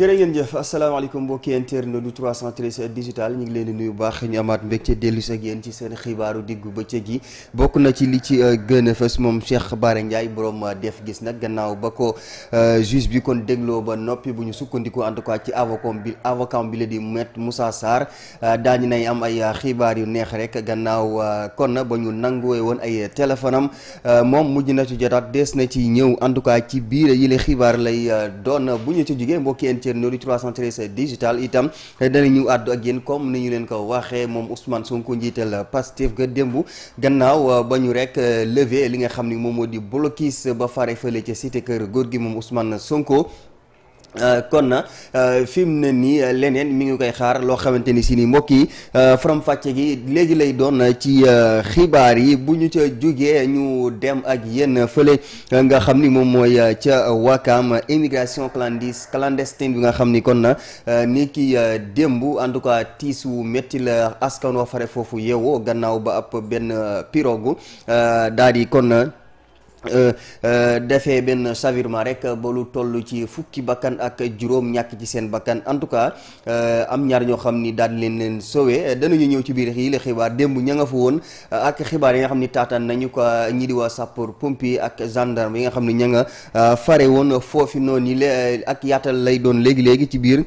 jërë ngeen jëf asalaamaaleykum mbokki internet du 313 digital ñu ngi leen di nuyu baax ñu amaat mbégte dellu si ak yéen ci seen xibaaru diggu ba yi bokk na ci li ci euh, gën a fës moom Cheikh Bara Ndiaye borom euh, def gis nag gannaaw ba ko euh, juge bi kon dégloo ba noppi bu ñu sukkandiku en tout cas ci avocat bi avocat bi la di maître Moussa Sarr daañu nay am ay xibaar yu neex rek gannaaw kon ba ñu nanguwee woon ay téléphone am moom mujj na ci jotaat des na ci ñëw en tout cas ci biir yile xibaar lay doon bu ñu ci jugee mbokki seen loolu 313 digital itam danañu àddu ak yéen comme ni ñu leen ko waxee moom Ousmane Sonko njiital Pastef ga démb gannaaw euh, ba ñu rek euh, levé li nga xam ni moom moo di blocus ba fare fële ca cité kër góor gi moom Ousmane Sonko. Euh, kon na euh, fi mu ne nii euh, leneen mi ngi koy xaar loo xamante ni si ni mbokk yi faram gi léegi lay doon ci xibaar yi bu ñu ca jugee ñu dem ak yenn fële nga xam ni moom mooy ca Wakaam immigration clandis clandestine bi nga xam ni kon na ni ki démb en tout cas tiis wu métti la askan wa fare foofu yeewoo gannaaw ba ab benn pirogue daal di kon na Euh, euh, defee benn chavirement rek ba lu toll ci fukki bakkan ak juróom ñàkk ci seen bakkan en tout cas euh, am ñaar ñoo xam ni daal leen leen sowe danañu ñëw ci biir yi la xibaar démb ña nga fa woon ak xibaar yi nga xam ni taataan nañu ko ñi di waa sapeur pompier ak gendarme yi nga xam ni ña nga fare woon foofi noonu yi ak yaatal lay doon léegi-léegi ci biir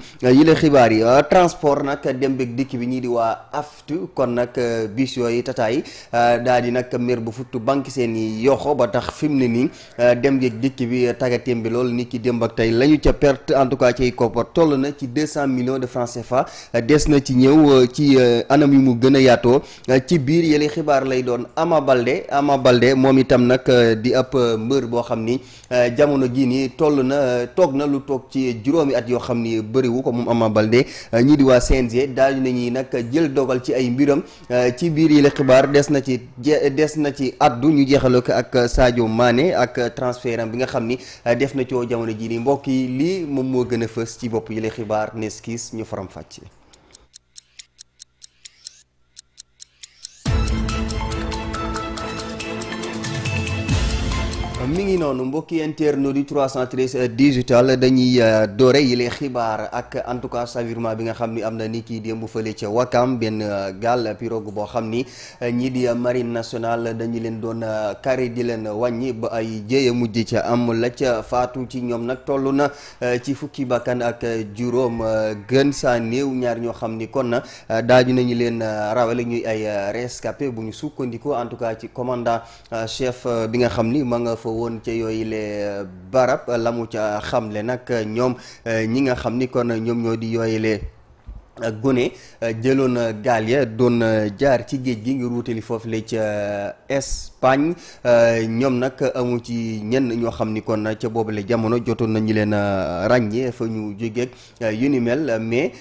xibaar yi transport nag dem beeg dikk bi ñii di waa aftu kon nag bis yooyu tataay daal di nag mer bu futtu banque seen i yoxo ba tax fi mu ne nii euh, dem ngeeg dikk bi euh, tàggatim bi loolu nit ki démb ak tey la ca perte en tout cas ciy toll na ci deux cent millions de francs CFA euh, des na ci ñëw ci anam yu mu gën a yaatoo ci biir yële xibaar lay doon Ama Balde Ama Balde moom itam nag di ëpp mbër boo xam ni jamono jii ni toll na toog na lu toog ci juróomi at yoo xam ni bëriwu ko moom Ama Balde ñii di waa CNG daal nañuy nag jël dogal ci ay mbiram ci biir yële xibaar des na ci des na ci addu maane ak transfert bi nga xam ni euh, def na coo jamono jii ni mbokk yi lii moom moo gën a fës ci bopp yi la xibaar neskis ñu faram fàcce mi ngi noonu mbokki internet di 313 digital dañuy euh, doore yi les xibaar ak en tout cas chavirement bi nga xam ni am na ni kii démb fële ca Wakam benn euh, gaal pirogue boo xam ni euh, ñii di marine nationale dañu leen doon kari di leen wàññi ba ay jéeya mujj ca am la ca faatu ci ñoom nag toll na ci fukki bàkkan ak juróom gën saa néew ñaar ñoo xam ni kon na daaju nañu leen rawale ñuy ay rescapé bu ñu sukkandiku en tout cas ci commandant chef bi nga xam ni ma nga fa woon ca yooyu le barab la mu ca xamle nag ñoom eh, ñi nga xam ni kon ñoom ñoo di yooyu le gone euh, jëloon euh, gaal ya doon euh, jaar ci géej gi ngir wutali foofu la ca Espagne ñoom nag amu ci ñenn ñoo xam ni kon ca boobale jamono jotoon nañu leen ràññee fa ñu jógeeg yu ni mel mais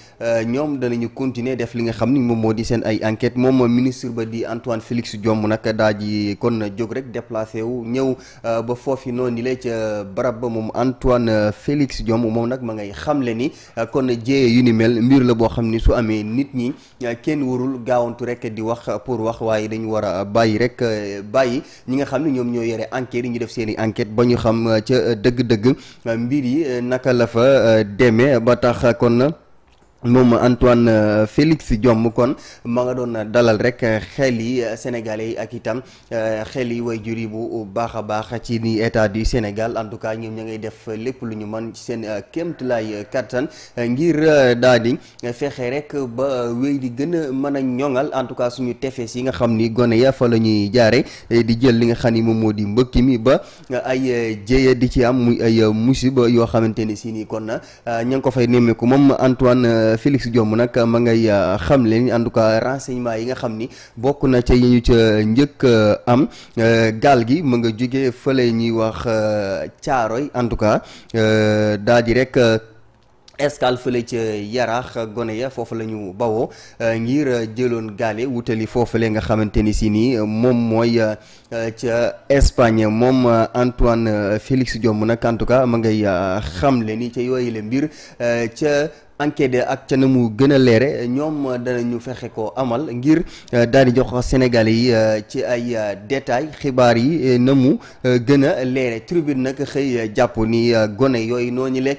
ñoom danañu continuer def li nga xam ni moom moo di seen ay enquête moom ministre ba di Antoine Félix Diome nag daa ji kon jóg rek déplacé wu ñëw ba foofu noonu la ca barab ba moom Antoine Félix Diome moom nag ma ngay xamle ni kon jiyee yu ni mel mbir la boo xam xam ni su amee nit ñi kenn warul gaawantu rek di wax pour wax waaye dañu war a bàyyi rek bàyyi ñi nga xam ne ñoom ñoo yore enquête yi ñu def seen i enquête ba ñu xam ca dëgg-dëgg mbir yi naka la fa demee ba tax kon. moom Antoine euh, Félix Diome kon ma nga doon dalal rek xel yi sénégalais yi ak itam euh, xel yi way juri bu baax a baax ci ni état du Sénégal en tout cas ñoom ña ngay def lépp lu ñu mën seen euh, kéemtalaay kattan ngir daal di fexe rek ba wéy di gën a mën a ñoŋal en tout cas suñu tefes yi nga xam ni gone ya fa la ñuy jaare di jël li nga xam ni moom moo di mbëkk mi ba ay jéeya di ci am muy ay musiba yoo xamante ni si nii kon ña ngi ko fay nemmeeku moom Antoine. Félix Diome nag ma ngay euh, xam leen en tout cas renseignement yi nga xam ni bokk na ca yi ñu ca njëkk euh, am euh, gaal gi mu nga jóge fële ñuy wax Caaroy en tout cas daal ji rek escale fële ca yaraax gone ya foofu la ñu bawoo ngir jëloon gaale wutali foofule nga xamante ni si nii moom mooy ca Espagne moom Antoine Félix Diome nag en tout cas ma ngay xam le ca yooyu la mbir ca enquête ak ca na mu gën a leere ñoom ñu fexe ko amal ngir euh, daal di jox Sénégalais yi euh, ci ay euh, détails xibaar yi na mu gën a leere tribune nag xëy jàpp ni gone yooyu nooñu le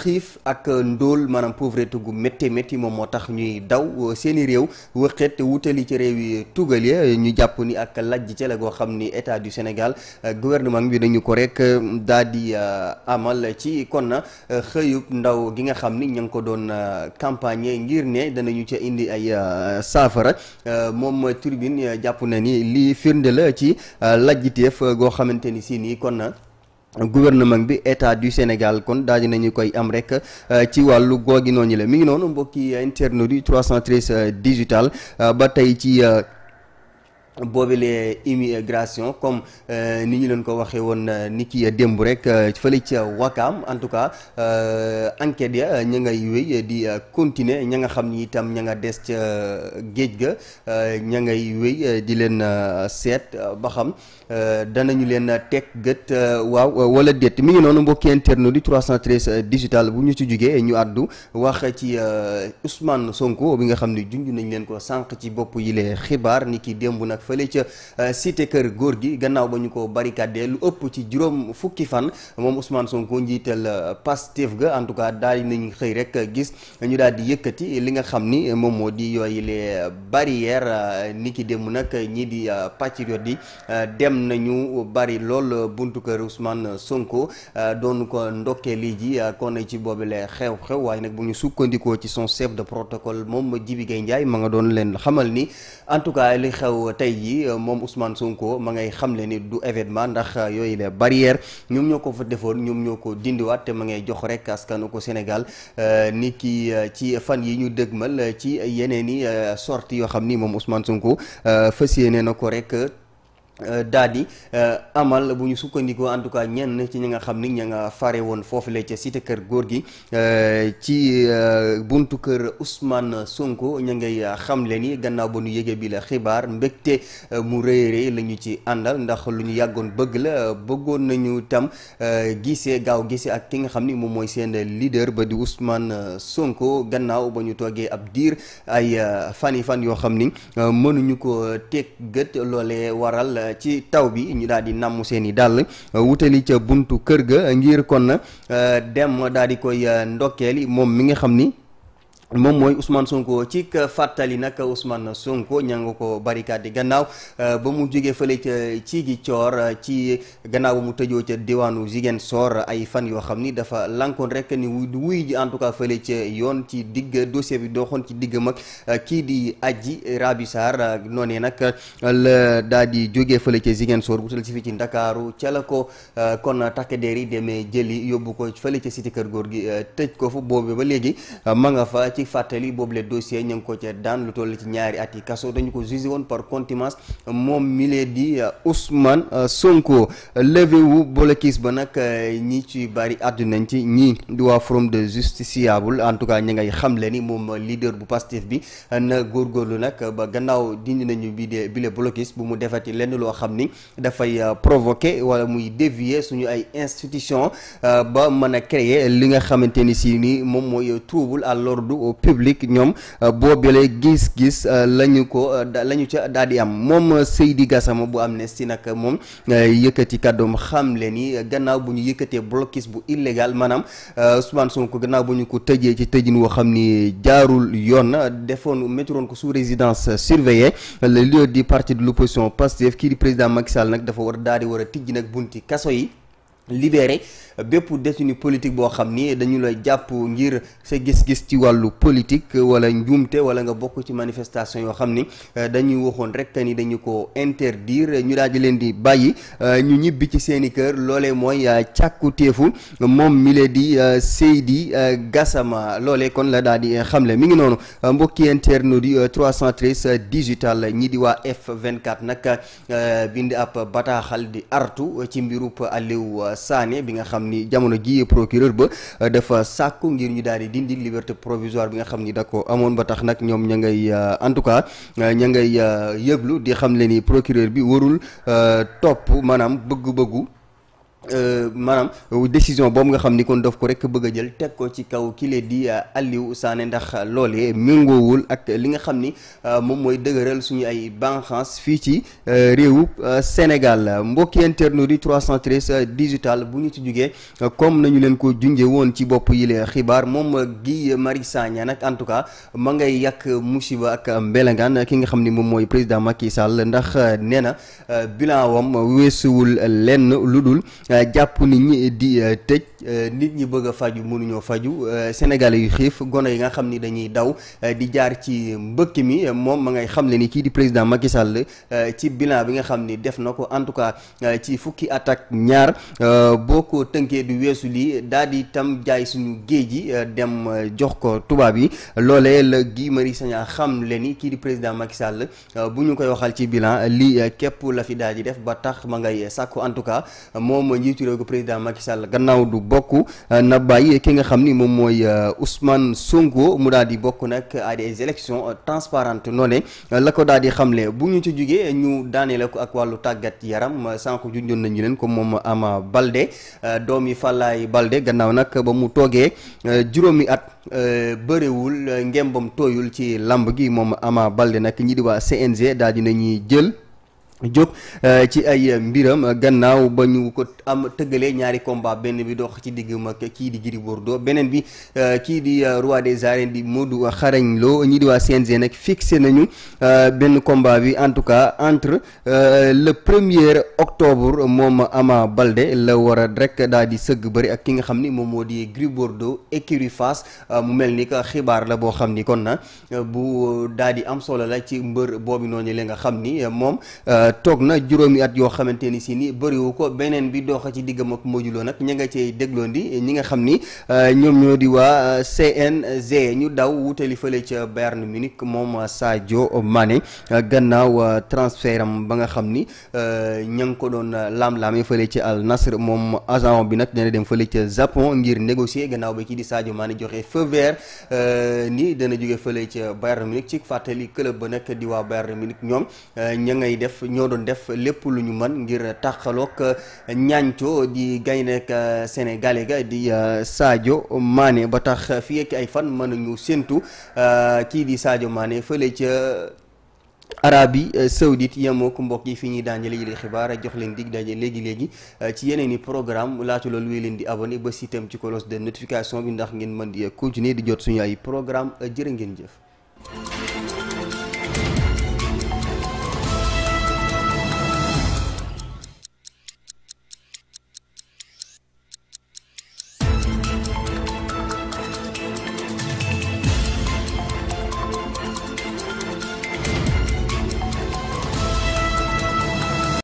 xiif ak ndóol maanaam pauvreté gu métti métti moom moo tax ñuy daw seeni réew wëqet wutali ci réew yi tugal ya ñu jàpp ni ak lajj ca la goo xam ni état du Sénégal gouvernement bi dañu ko rek daal di amal ci kon na ndaw gi nga xam ni ña ko doon euh, campagne ngir ne danañu ca indi ay euh, saafara euh, moom Tribune jàpp na ni li firnde la ci lajjiteef goo xamante ni si nii kon. na gouvernement bi état du Sénégal kon daal nañu koy am rek ci wàllu googi noonu la mi ngi noonu mbokki internet du 313 digital ba tey ci. boobile immigration comme euh, ni ñu leen ko waxee woon euh, nit ki euh, démb rek fële ca Wakaam en tout cas enquête ya ña ngay wéy di continuer ña nga xam ni itam ña nga des ca géej ga ña ngay wéy di leen seet ba xam danañu leen teg gët waaw wala déet mi ngi noonu mbokki interne di 313 digital bu ñu ci jugee ñu àddu wax ci Ousmane Sonko bi nga xam ni junj nañ leen ko sànq ci bopp yi xibaar ni ki démb nag. fële ca euh, cité kër góor gi gannaaw ba ñu ko barricadé lu ëpp ci juróom fukki fan moom Ousmane Sonko njiital euh, Pastef ga en tout cas daal nañu xëy rek euh, gis ñu daal di yëkkati li nga xam ni moom moo di yooyu les barrières nit ki démb nag ñii di patriote yi dem nañu bari lool buntu kër Ousmane Sonko doon ko ndokkee lii ji kon ci boobule xew-xew waaye nag bu ñu sukkandikoo ci son chef de protocole moom ma Jibi Gueye Ndiaye ma nga doon leen xamal ni en tout yi euh, moom Ousmane Sonko ma ngay xamle ni du événement ndax euh, yooyu la barrière ñoom ñoo ko fa defoon ñoom ñoo ko dindiwaat te ma ngay jox rek askanu ko Sénégal euh, nit ki ci fan yi ñu dëgmal ci yeneen i sortie yoo xam ni moom Ousmane Sonko fas yéene na ko rek. Euh, daal di euh, amal bu ñu sukkandikoo en tout cas ñenn ci ñi nga xam ni ña nga fare woon foofu la ca cité kër góor gi euh, ci buntu kër Ousmane Sonko ña ngay xamle ni gannaaw ba nu yëgee bi la xibaar mbëgte mu rëy rëy la ñu ci àndal ndax lu ñu yàggoon bëgg la bëggoon nañu tam gisee gaaw gisee ak ki nga xam ni moom mooy seen leader ba di Ousmane Sonko gannaaw ba ñu toogee ab diir ay fani fan yoo xam ni mënuñu ko teg gët waral. ci taw bi ñu daal di namm seen dàll wutali ca buntu kër ga ngir kon na eh, dem daal di koy eh, ndokkeeli moom mi nga xam ni moom mooy Ousmane Sonko ci fàttali nag Ousmane Sonko ña nga ko di gannaaw euh, ba mu jógee fële ca Ziguinchor euh, ci gannaaw ba mu tëjoo ca diwaanu Ziguinchor ay fan yoo xam ni dafa lankoon rek ni wuy ji en tout cas fële ca yoon ci digg dossier bi doxoon ci digg mag euh, kii di Adji Raby Sarr noonee nag la daa di jógee fële ca Ziguinchor wutal si fii ci Ndakaaru ca ko kon takk der yi demee jëli yóbbu ko fële ca cité kër góor gi tëj ko fu boobu ba léegi ma fa. ci fàttali boobu le dossier ñu ko cee daan lu toll ci ñaari at yi kaso dañu ko jugé woon par contumace moom milee di euh, Ousmane euh, Sonko levé wu ba nag euh, ñi ci bari àddunañ ci ñii di waa forum de justiciable en tout cas ñi ngay xamle ni moom leader bu Pastef bi na góorgóorlu nag ba gannaaw dindi nañu bi de bile blocus bu mu defati lenn loo xam ni dafay provoquer wala muy dévier suñu ay institution ba mën a créer li nga xamante ni si ni moom mooy trouble à l'ordre publique ñoom euh, boobule gis-gis euh, la ñu ko euh, la ñu ca daal di am moom Seydi Gassama bu si nag moom yëkkati kàddoom xam le ni gannaaw bu ñu yëkkatee blocus bu illégal maanaam Ousmane Sonko gannaaw bu ñu ko tëjee ci tëjin woo xam ni jaarul yoon defoon mettroon ko sous résidence surveillée le lieu di parti de l'opposition Pastef kii di président Macky Sall nag dafa war daal di war a tijji nag bunti kaso yi libéré bépp détenu politique boo xam ni dañu lay jàpp ngir sa gis-gis ci wàllu politique wala njuumte wala nga bokk ci manifestation yoo xam ni euh, dañuy waxoon rek ni dañu ko interdire ñu daal di leen di bàyyi euh, ñu ñibbi ci seeni kër loole mooy euh, càkkutéefu moom mi lee di Seydi Gassama loole kon la daal di xamle mi ngi noonu mbokki interne di 313 digital ñi di waa F24 nag bind ab bataaxal di artu ci mbirub Aliou Sané bi nga xam xam ni jamono ji procureur ba euh, dafa sàkku ngir ñu daal di dindi liberté provisoire bi nga xam ni da ko amoon ba tax nag ñoom ña ngay euh, en tout cas euh, ña ngay yëglu di xam ne ni procureur bi warul topp maanaam bëgg-bëggu Euh, maanaam euh, décision boobu nga xam ni kon daf ko rek bëgg a jël teg ko ci kaw ki di euh, Aliou Sané ndax loole méngoowul ak li nga xam ni moom mooy dëgëral suñu ay banxaas fii ci réewu Sénégal mbokki internet di 313 digital bu ñu ci jugee comme nañu leen ko junje woon ci bopp yi xibaar moom gi Mari Sagna nag en tout cas ma ngay yàq musiba ak mbelangaan ki nga xam ni moom mooy président Macky Sall ndax nee na bilan wam wul lenn lu dul Euh, jàpp nit ñi di euh, tëj euh, nit ñi bëgg a faju mënuñoo faju sénégalais yu xiif gone yi nga xam ni dañuy daw di jaar ci mbëkk mi moom ma ngay xam le ni kii di président Macky Sall ci bilan bi nga xam ni def na ko en tout cas ci fukki at ak ñaar boo ko tënkee du weesu lii daal di tam jaay suñu géej gi dem jox ko tubaab yi loolee la Guy Marius Sagna xam le ni kii di président Macky Sall bu ñu koy waxal ci bilan lii képp la fi daal di def ba tax ma ngay sàkku en tout cas moom njiitu réew gi président Macky Sall du bokk euh, na bàyyi ki nga xam ni moom mooy euh, Ousmane Sonko mu daal di bokk nag à des élections euh, transparentes noonu daal di xamle bu ñu ci jugee ñu daaneele ko ak wàllu tàggat yaram sànq junjoon nañu leen comme moom Ama Balde doomi Fallaye Balde gannaaw nag ba mu toogee juróomi at bëriwul ngembam tooyul ci làmb gi moom Ama Balde nag ñi di CNG daal nañuy jël. Diop euh, ci ay mbiram gannaaw ba ñu ko am tëggalee ñaari combat benn bi dox ci digg mag kii di Gris Bordeaux beneen bi euh, kii di euh, roi des arènes di Modou Xarañ Lo ñii di waa CNG nag fixé nañu benn combat bi en tout cas entre le premier octobre moom Ama balde la war a rek daal di sëgg bëri ak ki nga xam ni moom moo di Gris Bordeaux écurie Fass mu mel ni que xibaar la boo xam ni kon na bu daal di am solo la ci mbër boobu noonu la nga xam ni moom. toog na juróomi at yoo xamante ni si ni bëriwu ko beneen bi dox ci diggam ak Modou Lo nag ña nga cey dégloon di ñi nga xam ni euh, ñoom ñoo di waa euh, CNG ñu daw wutali fële ca Bayern Munich moom Sadio Mané gannaaw euh, transfert ba nga xam ni ña ngi ko doon laam yi fële ca Al Nassr moom agent bi nag dana dem fële ca Japon ngir négocier gannaaw ba kii di Sadio maani joxe feu vert ni dana jóge fële ca Bayern Munich ci fàttali club ba nag di waa Bayern Munich ñoom ña ngay def. ñoo doon def lépp lu ñu man ngir tàqaloog ñaancoo di gayndeek sénégalais ga di euh, Sadio Mané ba tax fi ak ay fan mën nañu séntu euh, kii di Sadio Mané fële ca Arabie euh, Saoudite yemoo ko mbokk yi fi ñuy daanjale yi di xibaar jox leen dig daje léegi léegi ci yeneen i programme laata loolu wéy leen di abonné ba sitam ci cloche de notification bi ndax ngeen mën di continuer di jot suñu ay programme jërë ngeen jëf